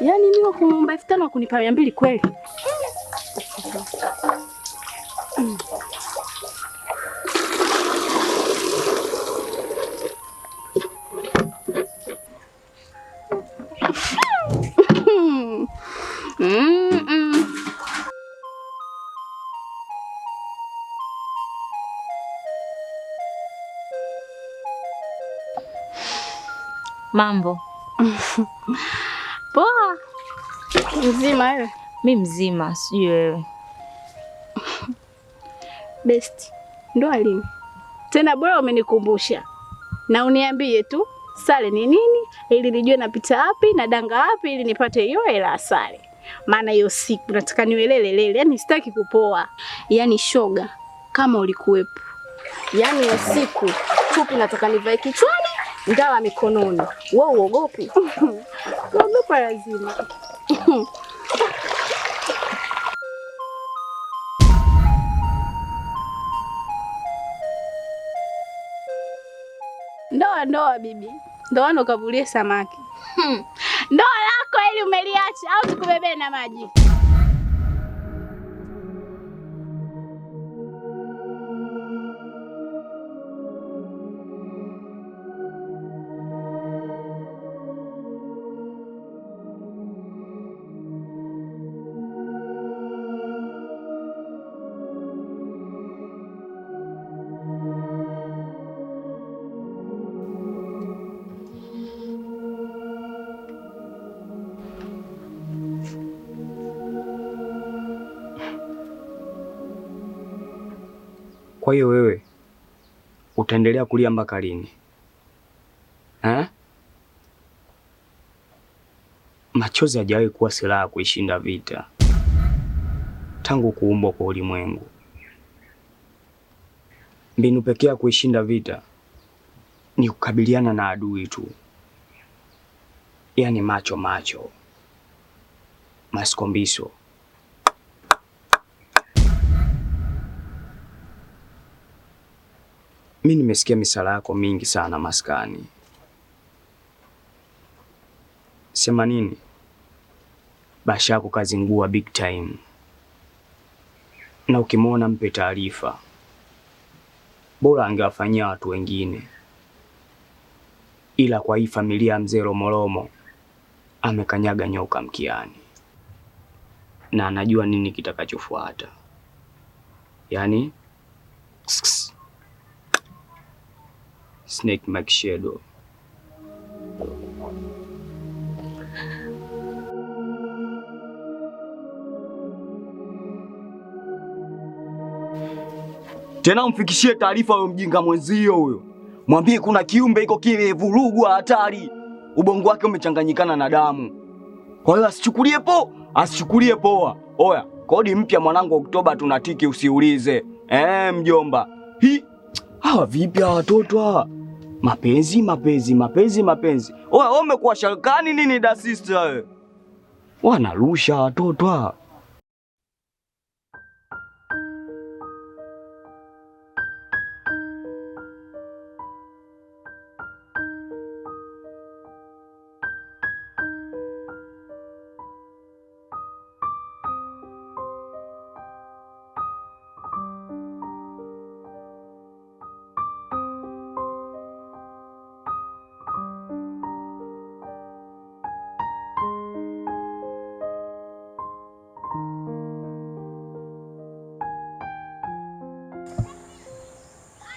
Yaani mimi wakumomba elfu tano wakunipa mia mbili kweli? Mambo. Poa. Mzima wewe? Mi mzima, sijui euh. wewe. Besti, ndo lini tena? Bora umenikumbusha, na uniambie tu sare ni nini, ili nijue napita wapi na danga wapi, ili nipate hiyo hela sare. Maana hiyo siku nataka niwelelelele, yani sitaki kupoa. Yani shoga, kama ulikuwepo, yani hiyo siku chupi nataka nivae kichwani ndawa mikononi. Wewe uogopi? Uogopa lazima. Ndoa ndoa, bibi, ndoano kavulie samaki. Hmm. Ndoa lako ili umeliacha au tukubebee na maji? Kwa hiyo wewe utaendelea kulia mpaka lini Eh? Machozi hajawahi kuwa silaha kuishinda vita tangu kuumbwa kwa ulimwengu. Mbinu pekee ya kuishinda vita ni kukabiliana na adui tu, yaani macho macho, masikombiso. mi nimesikia misala yako mingi sana maskani. Sema nini? Basha yako kazingua big time, na ukimwona mpe taarifa. Bora angewafanyia watu wengine, ila kwa hii familia ya mzee Romoromo amekanyaga nyoka mkiani, na anajua nini kitakachofuata, yaani Snake Mike Shadow. Tena mfikishie taarifa huyo mjinga mwenzio huyo, mwambie kuna kiumbe iko vurugu hatari, ubongo wake umechanganyikana na damu. Kwa hiyo asichukulie po, asichukulie poa. Oya, kodi mpya mwanangu, Oktoba tunatiki, usiulize. Eh, mjomba, hi hawa vipi hawa watoto hawa? mapenzi mapenzi mapenzi mapenzi. Oa, umekuwa shakani nini da sister? Wanarusha watotwa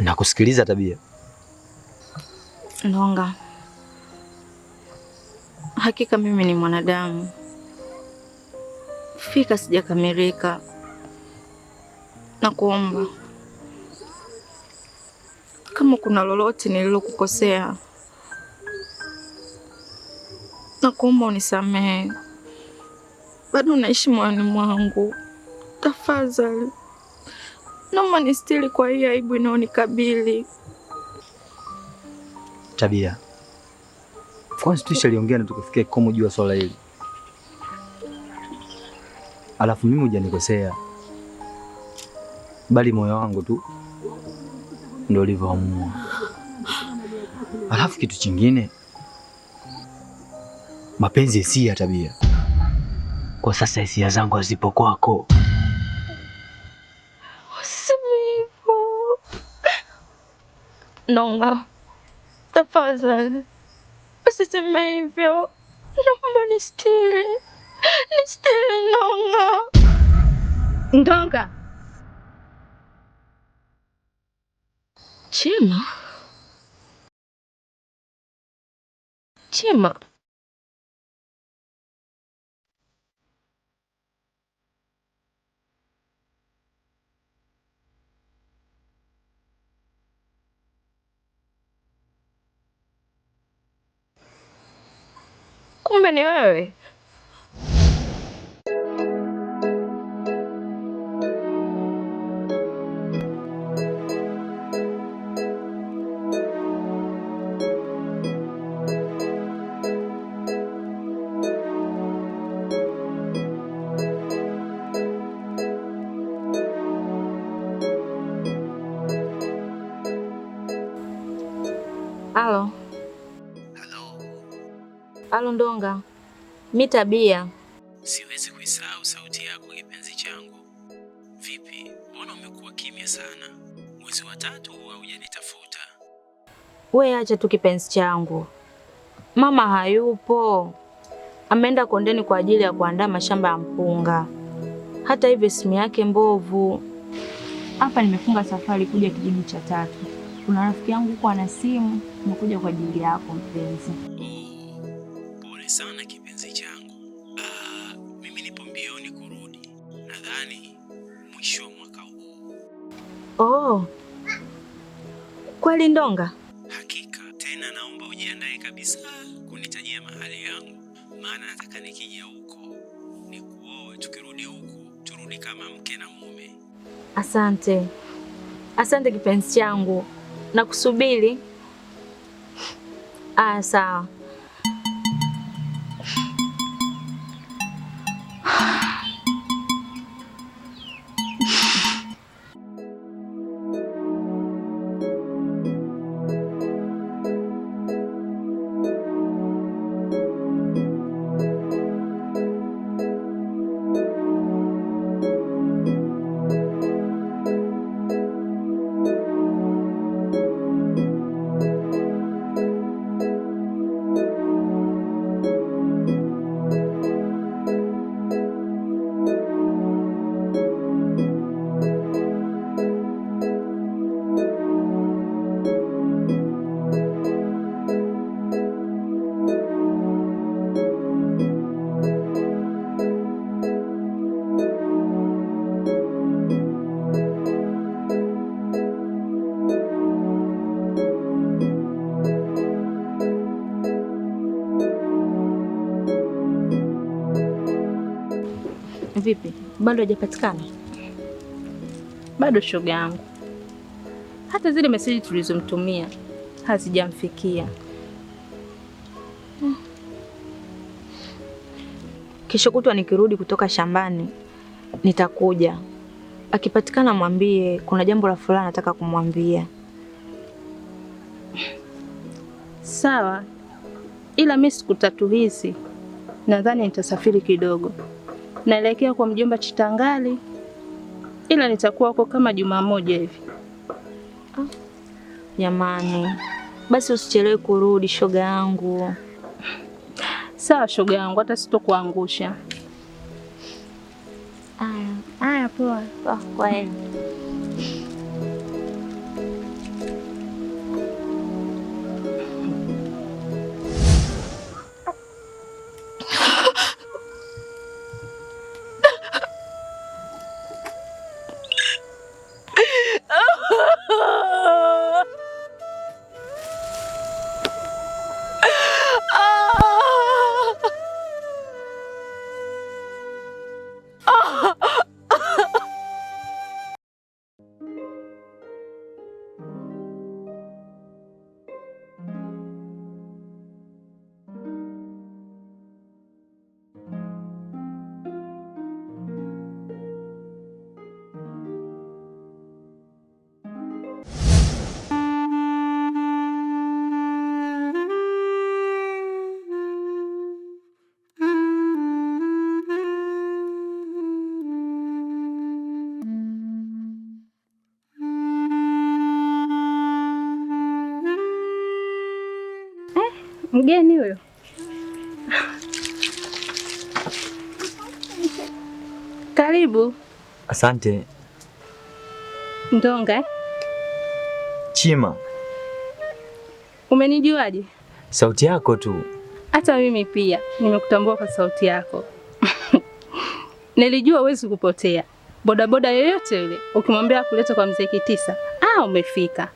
na kusikiliza tabia. Ndonga, hakika mimi ni mwanadamu, fika sijakamilika, na kuomba kama kuna lolote nililokukosea, na kuomba unisamehe. Bado unaishi moyoni mwangu, tafadhali. Naomba nistiri kwa hii aibu inayonikabili. Tabia, kwanza tushaliongea na tukafikia kikomo juu ya swala hili, alafu mimi hujanikosea, bali moyo wangu tu ndio ulivyoamua. Alafu kitu chingine, mapenzi si ya Tabia. Kwa sasa hisia zangu hazipo kwako. Nochmal. Dabei sein. Es ist in mein Bild. Naomba nisitiri, nisitiri Nonga. Ntonga. Chima, Chima. kumbe ni wewe. Alundonga, mi Tabia, siwezi kuisahau sauti yako kipenzi changu. Vipi, mbona umekuwa kimya sana? Mwezi wa tatu haujanitafuta. We acha tu kipenzi changu, mama hayupo, ameenda kondeni kwa ajili ya kuandaa mashamba ya mpunga. Hata hivyo simu yake mbovu. Hapa nimefunga safari kuja kijiji cha tatu, kuna rafiki yangu huko ana simu, nimekuja kwa ajili yako mpenzi. Oh, mtihani mwisho wa mwaka huu. Oh, kweli Ndonga? Hakika. Tena naomba ujiandae kabisa kunitajia mahali yangu, maana nataka nikija huko nikuoe, tukirudi huku turudi kama mke na mume. Asante, asante kipenzi changu, nakusubiri. Aya, ah, sawa. Vipi, bado hajapatikana? Bado shoga yangu, hata zile meseji tulizomtumia hazijamfikia. Hmm. Kesho kutwa nikirudi kutoka shambani nitakuja. Akipatikana mwambie kuna jambo la fulani nataka kumwambia. Sawa, ila mimi siku tatu hizi nadhani nitasafiri kidogo naelekea kwa mjomba Chitangali, ila nitakuwa huko kama juma moja hivi. Jamani, basi usichelewe kurudi shoga yangu. Sawa shoga yangu, hata sitokuangusha. Aya, aya, poa. Ah, kwaheri. Mgeni huyo. Karibu. Asante. Ndonga Chima. Umenijuaje? Sauti yako tu. Hata mimi pia nimekutambua kwa sauti yako. Nilijua huwezi kupotea. Bodaboda yoyote ile ukimwambia kuleta kwa mzee Kitisa, ah, umefika.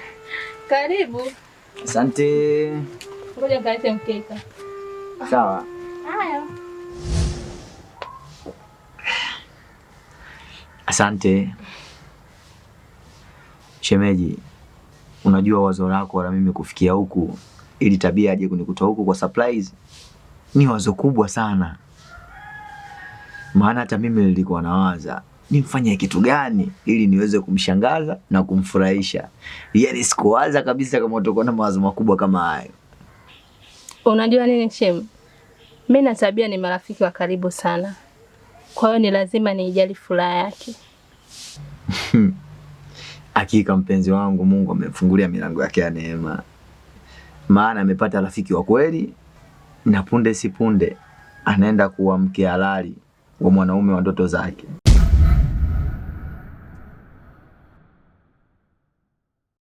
Karibu. Asante. Ngoja kaete mkeka. Sawa. Haya. Asante shemeji, unajua wazo lako la mimi kufikia huku ili Tabia aje kunikuta huku kwa surprise ni wazo kubwa sana, maana hata mimi nilikuwa nawaza nimfanye kitu gani ili niweze kumshangaza na kumfurahisha. Yaani sikuwaza kabisa kama utakuwa na mawazo makubwa kama hayo. Unajua nini Shem? mimi na Sabia ni marafiki wa karibu sana, kwa hiyo ni lazima niijali furaha yake. Hakika mpenzi wangu, Mungu amemfungulia milango yake ya neema, maana amepata rafiki wa kweli, na punde si punde anaenda kuwa mke halali wa mwanaume wa ndoto zake.